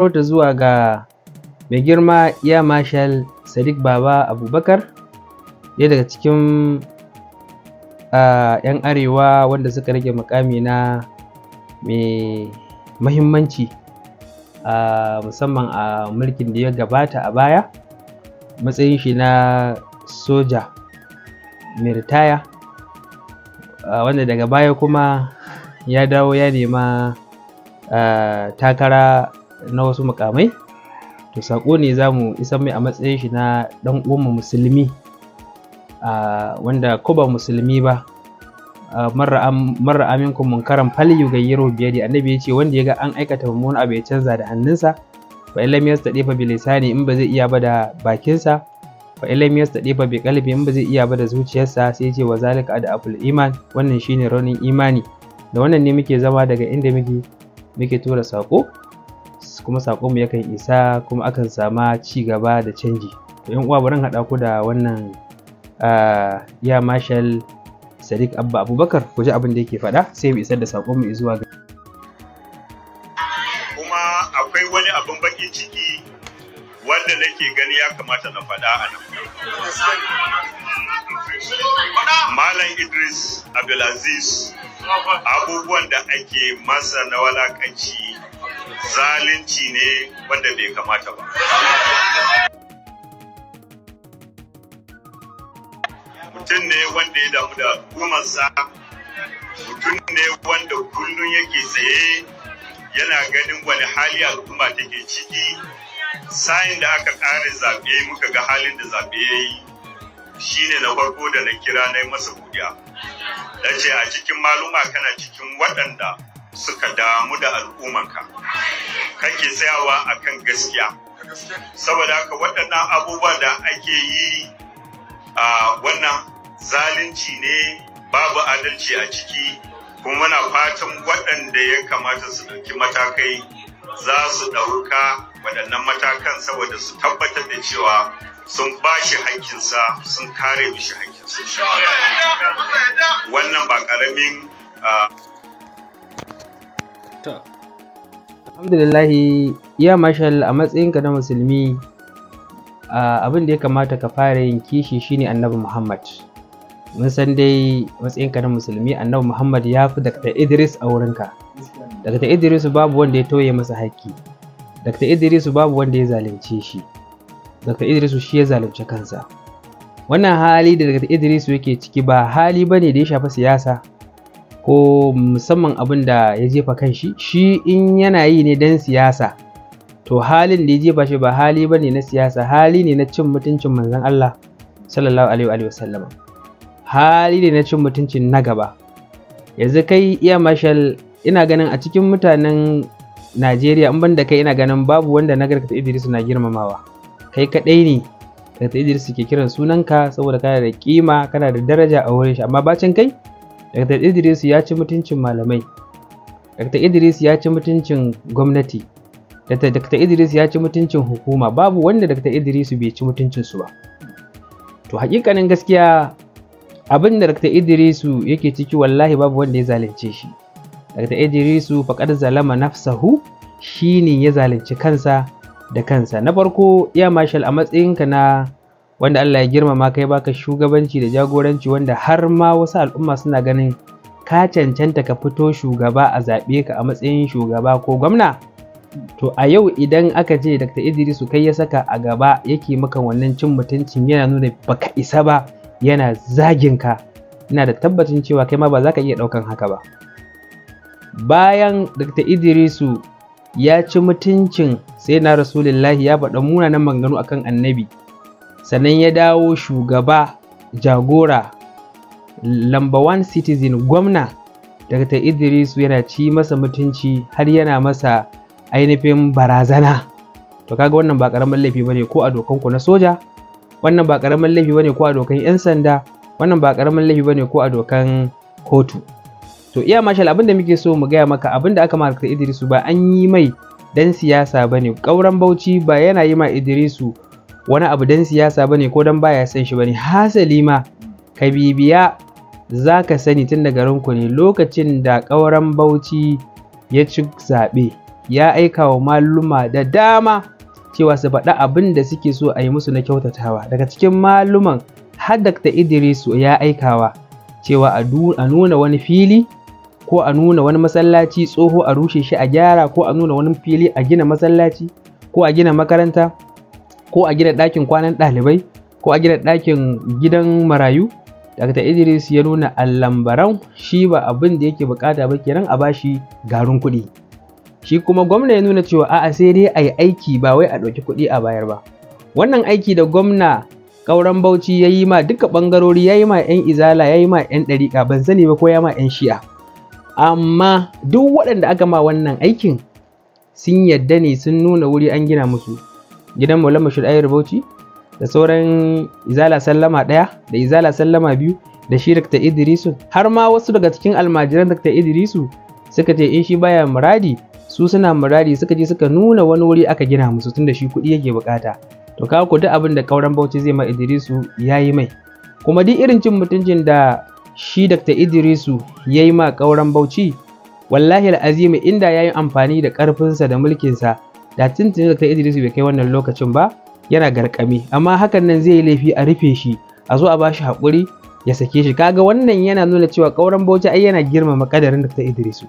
da zuwa ga mai girma Ya marshal sadiq baba abubakar ɗaya daga cikin yan arewa wanda suka rage mukamina na mai mahimmanci musamman a mulkin da ya gabata a baya matsayin shi na soja mai ritaya wanda daga baya kuma ya dawo ya nema takara na wasu mukamai to sako ne za mu isa mai a matsayin shi na ɗan uwanmu musulmi wanda ko ba musulmi ba marar aminkum munkaran fali yugayyiro da annabi ya ce wanda ya ga an aikata mummunan abu ya canza da hannunsa fa illam yastadifa bi lisani in ba zai iya ba da bakinsa fa illam yastadifa bi qalbi in ba zai iya ba da zuciyarsa sai ya ce wa zalika aful iman wannan shine raunin imani da wannan ne muke zama daga inda muke muke tura sako kuma saƙonmu yakan isa kuma akan sama ci gaba da canji to yan uwa bari haɗa ku da wannan ya mashal sadiq abba abubakar ku ji abin da yake faɗa sai mu isar da saƙonmu zuwa ga kuma akwai wani abin baƙin ciki wanda nake gani ya kamata na faɗa a nan malam idris abdulaziz abubuwan da ake masa na walakanci zalunci ne wanda bai kamata ba mutum ne wanda ya damu da hukumarsa mutum ne wanda kullum yake tsaye yana ganin wani hali al'umma take ciki sayin da aka ƙare zaɓe muka ga halin da zaɓe ya yi shi ne na farko da na kira na yi masa godiya na ce a cikin maluma kana cikin waɗanda suka damu da al'umanka kake tsayawa kan gaskiya saboda haka waɗannan abubuwa da ake yi a wannan zalunci ne babu adalci a ciki kuma muna fatan waɗanda ya kamata su ɗauki matakai za su ɗauka waɗannan matakan saboda su tabbatar da cewa sun ba shi haƙƙinsa sun kare mishi haƙƙinsa wannan ba ƙaramin alhamdulillahi ya mashal a matsayinka na musulmi abin da ya kamata ka fara yin kishi shine annabi muhammad mun san dai matsayinka na musulmi annabi muhammad ya fi Dr. idris a wurinka Dr. idris babu wanda ya tauye masa haƙƙi Dr. idris babu wanda ya zalunce shi Dr. idris shi ya zalunce kansa wannan hali da Dr. idris yake ciki ba hali bane da ya shafi siyasa ko musamman abin da ya jefa kan shi shi in yana yi ne dan siyasa to halin da ya jefa shi ba hali ba ne na siyasa hali ne na cin mutuncin manzon Allah sallallahu alaihi wa sallama hali ne na cin mutuncin na gaba yanzu kai iya mashal ina ganin a cikin mutanen Najeriya in ban da kai ina ganin babu wanda na garkata Idris na girmamawa kai kadai ne garkata Idris ke kiran sunanka saboda kana da kima kana da daraja a wurin shi amma bacin kai Dr. Idris ya ci mutuncin malamai. Dr. Idris ya ci mutuncin gwamnati. Dr. Idris ya ci mutuncin hukuma. Babu wanda Dr. Idris bai ci mutuncin su ba. To hakikanin gaskiya abin da Dr. Idris yake ciki wallahi babu wanda ya zalunce shi. Dr. Idris faqad zalama nafsahu shine ya zalunci kansa da kansa. Na farko ya mashal a matsayinka na wanda Allah ya girmama kai baka shugabanci da jagoranci wanda har ma wasu al'umma suna ganin ka cancanta ka fito shugaba a zaɓe ka a matsayin shugaba ko gwamna to a yau idan aka ce Dr. Idris kai ya saka a gaba yake maka wannan cin mutuncin yana nuna baka isa ba yana zagin ka ina da tabbacin cewa kai ma ba za ka iya ɗaukan haka ba bayan Dr. Idrisu ya ci mutuncin sai na rasulullahi ya faɗa munanan maganganu akan annabi sannan ya dawo shugaba jagora lamba one citizen gwamna ta idris yana ci masa mutunci har yana masa ainihin barazana to kaga wannan ba karamin laifi ba ne ko a dokan ku na soja wannan ba karamin laifi ba ne ko a dokan yan sanda wannan ba karamin laifi ba ne ko a dokan kotu to iya mashal abin da muke so mu gaya maka abinda da aka ma Idrisu ba an yi mai dan siyasa bane kauran bauchi ba yana yi ma Idrisu wani abu dan siyasa bane ko dan baya son shi bane hasali ma ka bibiya za ka sani tun daga ranku ne lokacin da ƙauren bauchi ya ci zaɓe ya aika wa maluma da dama cewa su faɗa abin da suke so a yi musu na kyautatawa daga cikin maluman har da idrisu ya aikawa cewa a nuna wani fili ko a nuna wani masallaci tsoho a rushe shi a gyara ko a nuna wani fili a gina masallaci ko a gina makaranta ko a gidan ɗakin kwanan ɗalibai ko a gidan ɗakin gidan marayu Dr. Idris ya nuna allambaran shi ba abin da yake bukata ba kenan a bashi garin kuɗi. Shi kuma gwamna ya nuna cewa a'a sai dai a yi aiki ba wai a ɗauki kuɗi a bayar ba. Wannan aiki da gwamna ƙauren Bauchi ya yi ma duka ɓangarori ya yi ma 'yan izala ya yi ma 'yan ɗariƙa ban sani ba ko ya ma 'yan shi'a. Amma duk waɗanda aka ma wannan aikin sun yadda ne sun nuna wuri an gina musu. gidan Maulana Ayyar Bauchi da sauran Izala Sallama ɗaya da Izala Sallama biyu da shi Dr. Idrisu har ma wasu daga cikin almajiran Dr. Idrisu suka ce in eh, shi baya muradi su suna muradi suka je suka nuna wani wuri aka gina musu tun da shi kuɗi yake bukata to kawo ku duk abin da kauran Bauchi zai ma Idrisu yayi mai kuma duk irin cin mutuncin da shi Dr. Idrisu yayi ma kauran Bauchi wallahi al'azimi inda yayi amfani da ƙarfinsa da mulkinsa da tuntuni da ta Idris bai kai wannan lokacin ba yana garkami amma hakan nan zai yi laifi a rufe shi a zo a bashi hakuri ya sake shi kaga wannan yana nuna cewa kauran bauchi ai yana girmama kadarin da ta Idrisu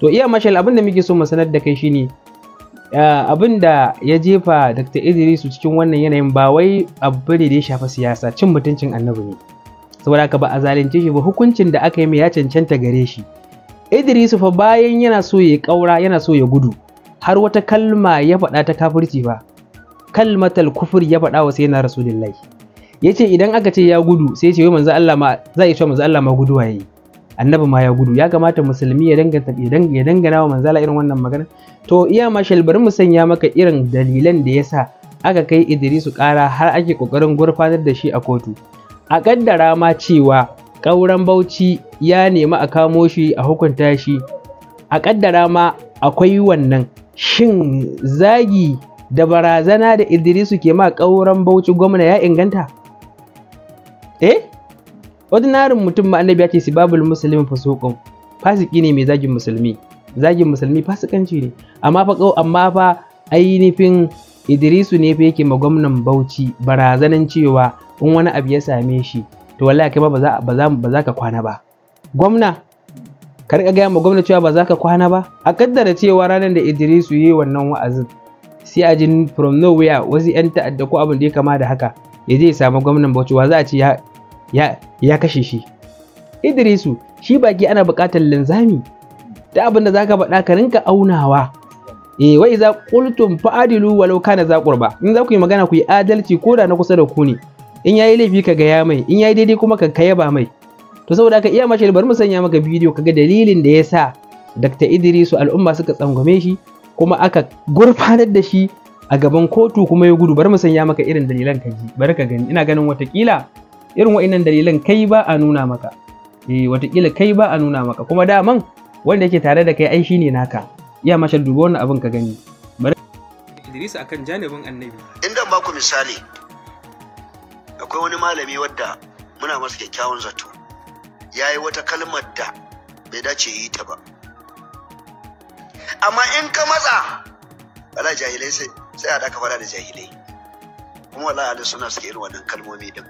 to iya mashal abin da muke so mu sanar da kai shine eh, abin da ya jefa Dr. Idrisu cikin wannan yanayin ba wai abu ne da ya shafi siyasa cin mutuncin annabi ne saboda haka ba a zalunce shi ba hukuncin da aka yi mai ya cancanta gare shi idris fa bayan yana so ya kaura yana so ya gudu har wata kalma ya faɗa ta kafirci ba kalmatal kufur ya faɗa wa sai na rasulullahi yace idan aka ce ya gudu sai ce wai manzo Allah ma zai ya ce manzo Allah ma gudu waye annabi ma ya gudu ya kamata musulmi ya danganta ya dangana wa manzo Allah irin wannan magana to iya ma bari mu sanya maka irin dalilan da yasa aka kai Idrisu ƙara har ake kokarin gurfanar da shi a kotu a kaddara ma cewa ƙauren Bauchi ya nemi a kamo shi a hukunta shi a kaddara ma akwai wannan shin zagi da barazana da idrisu ke ma ƙauran bauchi gwamna ya inganta eh ordinarin mutum ma annabi ya ce sibabul muslimin fasuqun fasiki ne mai zagin musulmi zagin musulmi fasikanci ne amma fa amma fa ainihin idrisu ne fa yake ma gwamnan bauchi barazanan cewa in wani abu ya same shi to wallahi kai ba za ba za ka kwana ba gwamna ka rika gaya ma gwamna cewa ba za ka kwana ba a kaddara cewa ranar da idrisu yi wannan wa'azin sai a jin from nowhere wasu 'yan ta'adda ko abin da ya kama da haka ya je ya samu gwamnan bauchi wa za a ce ya kashe shi idrisu shi baki ana buƙatar linzami da abin da za ka faɗa ka rinka aunawa eh wai za qultum fa'adilu walau kana za qurba in za ku yi magana ku yi adalci ko da na kusa da ku ne in yayi laifi ka gaya mai in yayi daidai kuma ka kayaba mai to saboda haka iya mashi bari mu sanya maka bidiyo kaga dalilin da yasa Dr. Idrisu al'umma suka tsangwame shi kuma aka gurfanar da shi a gaban kotu kuma ya gudu bari mu sanya maka irin dalilan ka ji bari ka gani ina ganin watakila irin wa'innan dalilan kai ba a nuna maka eh watakila kai ba a nuna maka kuma daman wanda yake tare da kai ai shine naka iya mashi duba wannan abin ka gani bari idris akan janibin annabi inda ba ku misali akwai wani malami wadda muna masa kyakkyawan zato ya yi wata kalmar da bai dace yi ta ba amma in ka matsa wala jahilai sai a daka fara da jahilai kuma wala ala suna suke irin wannan kalmomi din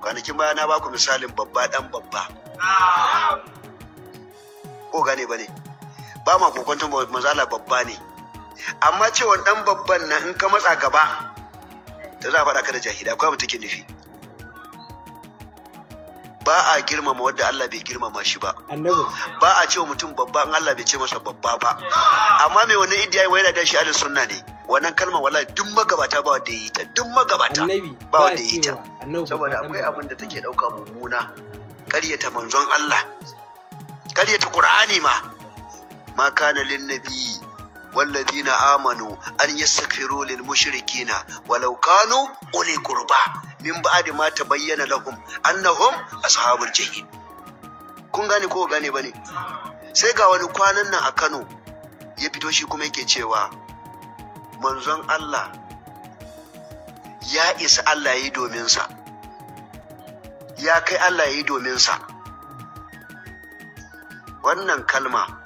kwanakin baya na baku misalin babba dan babba ko gane ne ba ma kokonton mazala babba ne amma cewa dan babban na in ka matsa gaba ta za a faɗa ka da jahilai akwai abu take nufi ba a girmama wadda Allah bai girmama shi ba ba a cewa mutum babba in Allah bai ce masa babba ba amma mai wannan idiya wa yana da shi alin sunna ne wannan kalmar wallahi duk magabata ba wanda yi ta duk magabata ba wanda yi ta saboda akwai abin da take dauka mummuna ƙaryata manzon Allah karyata Qur'ani ma ma kana lin nabi. walladina amanu an yi lil mushrikina walau kanu quli qurba min ba'di ma tabayyana lahum annahum ashabul jahim kun gane ko bane sai ga wani kwanan nan a Kano ya fito shi kuma yake cewa manzon Allah ya isa Allah yi domin sa ya kai Allah yi domin sa wannan kalma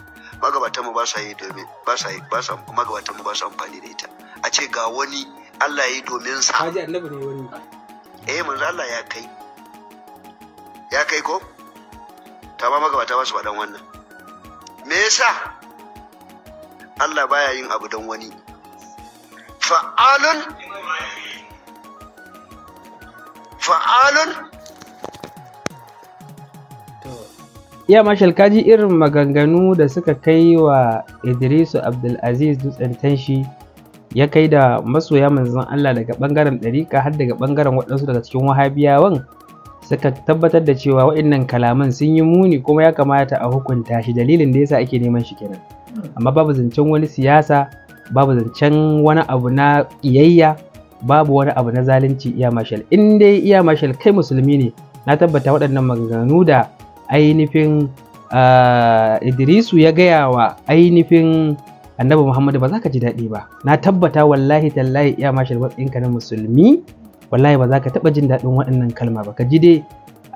magabatan mu ba sa yi domin ba sa yi ba sa magabatan mu ba sa amfani da ita a ce ga wani Allah ya yi domin sa haji annabi ne wani eh manzo Allah ya kai ya kai ko ta ma magabata ba su faɗan wannan me yasa Allah baya yin abu don wani fa'alun fa'alun iya mashal kaji irin maganganu da suka kai wa idrisu abdulaziz dutsen tanshi ya kai da masoya manzon allah daga bangaren ɗarika har daga bangaren waɗansu daga cikin wahabiyawan suka tabbatar da cewa waɗannan kalaman sun yi muni kuma ya kamata a hukunta shi dalilin da yasa ake neman shi kenan amma babu zancen wani siyasa babu zancen wani abu na ƙiyayya babu wani abu na zalunci iya mashal in dai iya mashal kai musulmi ne na tabbata waɗannan maganganu da ainihin ah, idrisu ya gaya wa ainihin annabi muhammadu ba za ka ji daɗi ba na tabbata wallahi tallahi iya mashi ɗinka na musulmi wallahi ba za ka taɓa jin daɗin waɗannan kalma ba ka ji dai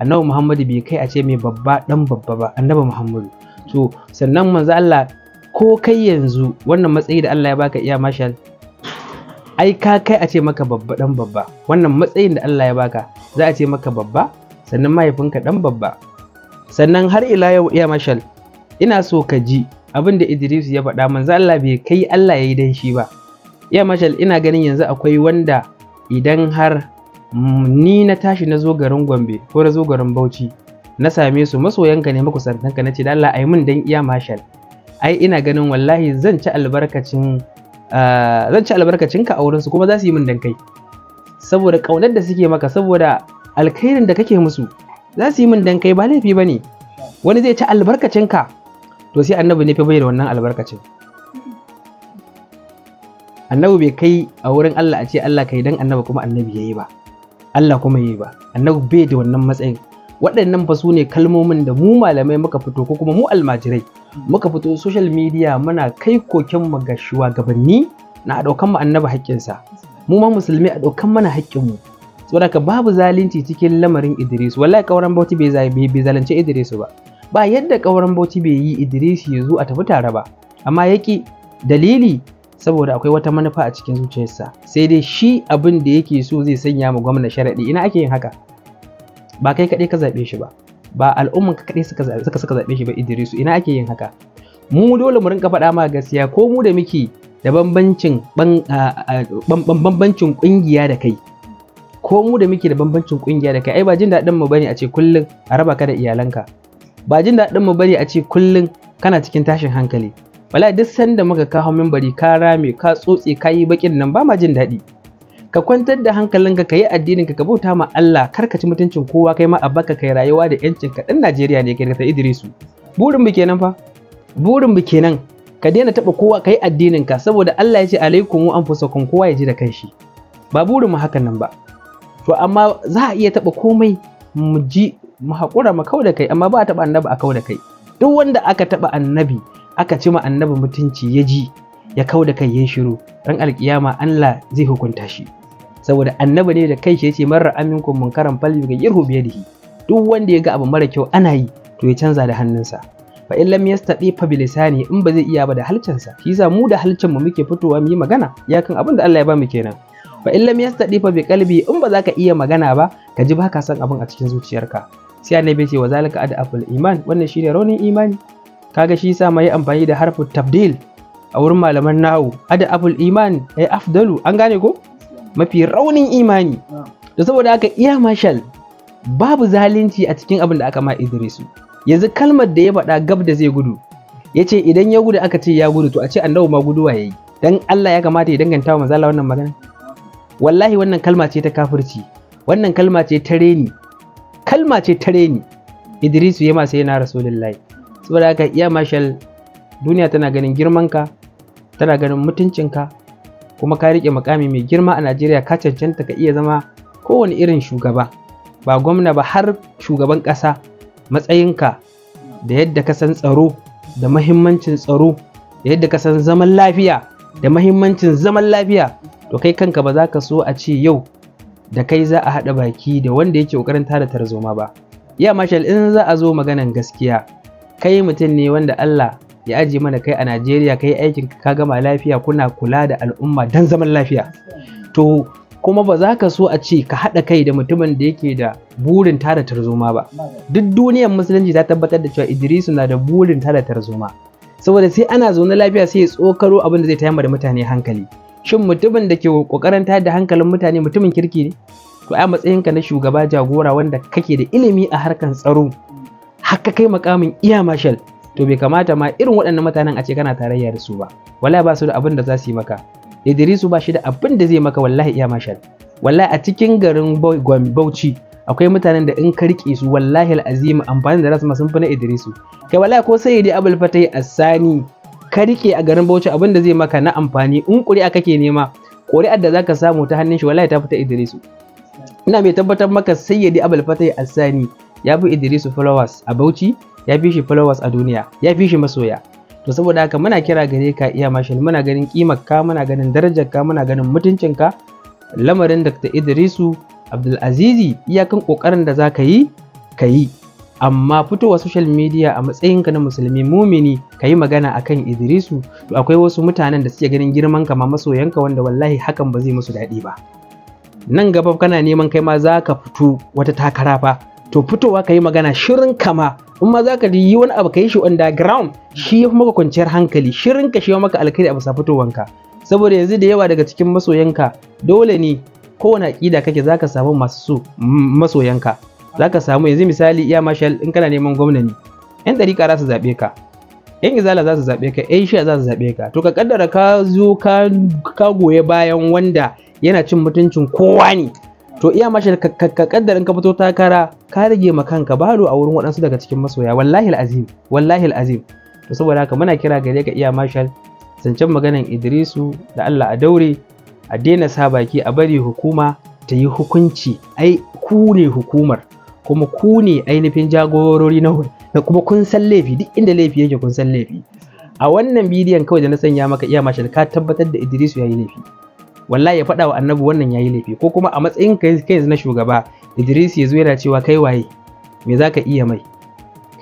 annabi muhammadu bai kai a ce mai babba ɗan babba ba annabi muhammadu to sannan manzo allah ko kai yanzu wannan matsayi da allah ya baka iya mashal ai ka kai a ce maka babba dan babba wannan matsayin da Allah ya baka za a ce maka babba sannan mahaifinka dan babba sannan har ila yau iya mashal ina so ka ji abin da Idris ya faɗa manzo Allah bai kai Allah ya yi dan shi ba iya mashal ina ganin yanzu akwai wanda idan har ni na tashi na zo garin Gombe ko na zo garin Bauchi na same su masoyanka ne makusantanka na ce da Allah ai mun dan iya mashal ai ina ganin wallahi zan ci albarkacin ah, zan ci albarkacinka a wurinsu kuma za su yi min dan kai saboda kaunar da suke maka saboda alkhairin da kake musu za su yi min dankai ba laifi ba ne wani zai ci albarkacinka to sai annabi ne fi bai da wannan albarkacin annabi bai kai a wurin Allah a ce Allah kai dan annabi kuma annabi yayi ba Allah kuma yayi ba annabi bai da wannan matsayin waɗannan fa su ne kalmomin da mu malamai muka fito ko kuma mu almajirai muka fito social media muna kai koken mu ga shugabanni na daukan mu annabi haƙƙinsa mu ma musulmi a ɗaukan mana haƙƙinmu mu saboda ka babu zalunci cikin lamarin Idris wallahi kauran Bauchi bai zai bai zalunci Idris ba ba yadda kauran Bauchi bai yi Idris ya zo a tafi tare ba amma yaki dalili saboda akwai wata manufa a cikin zuciyarsa sai dai shi abin da yake so zai sanya ma gwamna sharaɗi ina ake yin haka ba kai kaɗai ka zaɓe shi ba ba al'umman ka kaɗai suka suka zaɓe shi ba Idrisu ina ake yin haka mu dole mu rinka faɗa ma gaskiya ko mu da muke da bambancin bambancin ƙungiya da kai ko mu da muke da bambancin kungiya da kai ai ba jin daɗin mu bane a ce kullun a raba ka da iyalanka ba jin daɗin mu bane a ce kullun kana cikin tashin hankali wallahi duk sanda muka kawo mimbari ka rame ka tsotse ka yi bakin nan ba ma jin daɗi ka kwantar da hankalinka ka yi addininka ka bauta ma Allah kar ka ci mutuncin kowa kai ma abaka kai rayuwa da yancin ka dan Najeriya ne kai ta Idrisu burin mu kenan fa burin mu kenan ka daina taba kowa ka yi addininka saboda Allah ya ce alaikum anfusakum kowa ya ji da kanshi ba burin mu hakan nan ba to amma za a iya taɓa komai mu ji mu haƙura mu kau da kai amma ba a taɓa annabi a kau da kai duk wanda aka taɓa annabi aka ci ma annabi mutunci ya ji ya kau da kai ya shiru ran alkiyama Allah zai hukunta shi saboda annabi ne da kai shi yace marar aminkum munkaran fal yuga yirhu biyadihi duk wanda ya ga abu mara kyau ana yi to ya canza da hannunsa fa in lam yastati fa bilisani in ba zai iya ba da halcinsa shi yasa mu da halcin mu muke fitowa mu yi magana yakan abin da Allah ya ba mu kenan fa in lam yastadi fa bi qalbi in ba za ka iya magana ba ka ji baka san abin a cikin zuciyarka sai annabi ce wa zalika ad aful iman wannan shine raunin imani kaga shi yasa mai amfani da harfu tabdil a wurin malaman nahu ad aful iman ay afdalu an gane ko mafi raunin imani da saboda haka iya mashal babu zalunci a cikin abin da aka ma Idrisu yanzu kalmar da ya faɗa gab da zai gudu ya ce idan ya gudu aka ce ya gudu to a ce annabi ma guduwa yayi dan Allah ya kamata ya danganta wa manzala wannan magana wallahi wannan kalma ce ta kafirci wannan kalma ce ta reni kalma ce ta reni idrisu ya masa yana rasulullahi saboda haka iya mashal duniya tana ganin girmanka tana ganin mutuncinka kuma ka riƙe makami mai girma a najeriya ka cancanta ka iya zama kowane irin shugaba ba gwamna ba har shugaban ƙasa matsayinka da yadda ka san tsaro da mahimmancin tsaro da yadda ka san zaman lafiya da mahimmancin zaman lafiya to kai kanka ba za ka so a ce yau da kai za a haɗa baki da wanda yake ƙoƙarin tada tarzoma ba ya mashal in za a zo maganan gaskiya kai mutum ne wanda Allah ya ajiye mana kai a Najeriya kai aikin ka gama lafiya kuna kula da al'umma dan zaman lafiya to kuma ba za ka so a ce ka haɗa kai da mutumin da yake da burin tada tarzoma ba duk duniyar musulunci ta tabbatar da cewa Idrisu na da burin tada tarzoma saboda sai ana zaune lafiya sai ya tsokaro abin da zai tayar da mutane hankali shin mutumin da ke kokarin tayar da hankalin mutane mutumin kirki ne to a matsayinka na shugaba jagora wanda kake da ilimi a harkan tsaro haka kai makamin iya mashal to bai kamata ma irin waɗannan mutanen a ce kana tarayya da su ba wallahi ba su da abin da za su yi maka Idrisu ba shi da abin da zai maka wallahi iya mashal wallahi a cikin garin Bauchi akwai mutanen da in ka rike su wallahi al'azim amfani da rasu sun fi na Idrisu kai wallahi ko sai dai Abul Fatai Asani ka rike a garin Bauchi abin da zai maka na amfani in ƙuri'a kake nema ƙuri'ar da zaka samu ta hannun shi wallahi ta fita Idrisu ina mai tabbatar maka sayyidi Abul Fatah Asani ya fi Idrisu followers a Bauchi ya fi shi followers a duniya ya fi shi masoya to saboda haka muna kira gare ka iya mashin muna ganin kimar ka muna ganin darajar ka muna ganin mutuncin ka lamarin Dr. Idrisu Abdulazizi iyakan kokarin da zaka yi ka yi amma fitowa social media a matsayinka na musulmi mumini ka yi magana akan idrisu to akwai wasu mutanen da suke ganin girman ka ma masoyanka wanda wallahi hakan ba zai musu daɗi ba nan gaba kana neman kai ma za ka fito wata takara fa to fitowa ka yi magana shirin kama in ma za ka yi wani abu ka yi shi underground shi ya fi maka kwanciyar hankali shirin ka shi ya maka alkhairi a bisa fitowanka saboda yanzu da yawa daga cikin masoyanka dole ne kowane aƙida kake za ka samu masu masoyanka Zaka samu yanzu misali iya mashal in kana neman gwamna ne yan za su zaɓe ka yan izala za su zaɓe ka yan shiya za su zaɓe ka to ka kaddara ka zo ka goye bayan wanda yana cin mutuncin kowa ne to iya mashal ka kaddara ka fito takara ka rage ma kanka balo a wurin waɗansu daga cikin masoya wallahi azim wallahi azim to saboda haka muna kira gare ka iya mashal zancen maganan idrisu da allah a daure a daina sa baki a bari hukuma ta yi hukunci ai ku ne hukumar kuma ku ne ainihin jagorori na da kuma kun san laifi duk inda laifi yake kun san laifi a wannan bidiyon kawai da na sanya maka iya mashi ka tabbatar da Idrisu yi laifi wallahi ya faɗa wa annabi wannan yi laifi ko kuma a matsayin kai na shugaba Idris ya zo yana cewa kai waye me zaka iya mai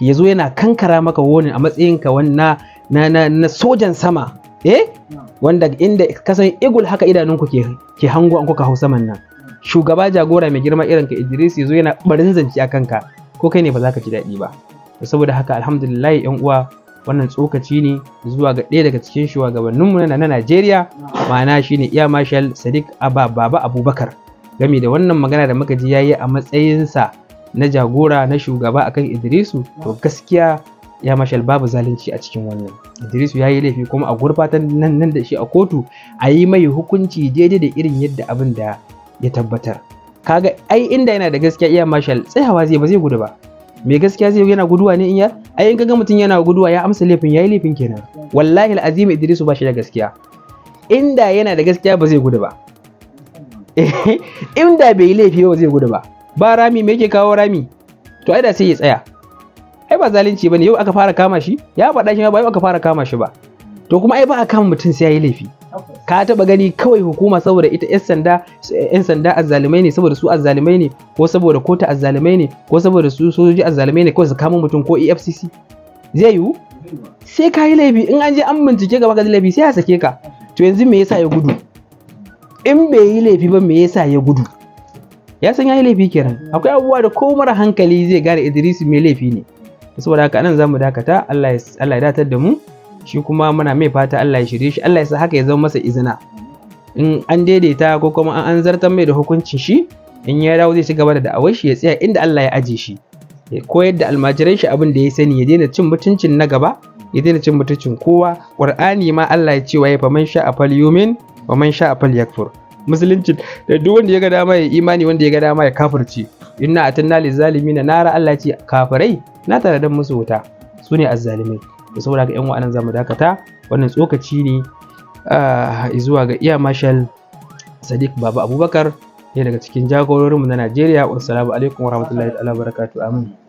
ya zo yana kankara maka wonin a matsayin ka na na na sojan sama eh wanda inda kasan igul haka idanunku ke ke hango an kuka hau saman nan shugaba jagora mai girma irin ka Idris yazo yana barin zance a kanka ko kai ne ba za ka ji daɗi ba saboda haka alhamdulillah yan uwa wannan tsokaci ne zuwa ga ɗaya daga cikin shugabanninmu na Najeriya ma'ana shine iya Marshal Sadiq Abba Baba Abubakar game da wannan magana da muka ji yayi a matsayinsa na jagora na shugaba akan Idrisu to gaskiya ya mashal babu zalunci a cikin wannan Idrisu ya yi laifi kuma a gurfatan nan nan da shi a kotu a yi mai hukunci daidai da irin yadda abin da ya tabbatar kaga ai inda yana da gaskiya iya marshal tsayawa zai ba zai gudu ba Me gaskiya zai yana guduwa ne in yar ai in kaga mutum yana guduwa ya amsa laifin yayi laifin kenan wallahi alazim idrisu ba shi da gaskiya inda yana da gaskiya ba zai gudu ba inda bai yi laifi ba zai gudu ba ba rami me yake kawo rami to ai da sai ya tsaya ai ba zalunci bane yau aka fara kama shi ya faɗa shi ba yau aka fara kama shi ba to kuma ai ba a kama mutum sai yayi laifi ka taba gani kawai hukuma saboda ita yan sanda yan sanda azzalumai ne saboda su azzalumai ne ko saboda kota azzalumai ne ko saboda su sojoji azzalumai ne kawai su kama mutum ko EFCC zai yiwu sai ka yi laifi in an je an bincike gaba gaji laifi sai a sake ka to yanzu me yasa ya gudu in bai yi laifi ba me yasa ya gudu ya san ya yi laifi kenan akwai abubuwa da ko mara hankali zai gare Idris mai laifi ne saboda haka nan zamu dakata Allah ya datar da mu shi kuma muna mai fata Allah ya shirye shi Allah ya sa haka ya zama masa izina in an daidaita ko kuma an zartar mai da hukuncin shi in ya dawo zai ci gaba da da'awar shi ya tsaya inda Allah ya aje shi ya koyar da almajiran shi abin da ya sani ya daina cin mutuncin na gaba ya daina cin mutuncin kowa qur'ani ma Allah ya ce wa ya faman sha'a afal yumin wa man sha'a musulunci da duk wanda ya ga dama ya imani wanda ya ga dama ya kafirci inna atanna lizalimin nara Allah ya ce kafirai na tare da musu wuta su ne azzalimai da saboda haka yan wa'anan zamu dakata wannan tsokaci ne ah, zuwa ga iya marshal sadiq baba abubakar ne daga cikin jagororinmu na najeriya wassalamu alaikum warahmatullahi ta'ala barakatu amin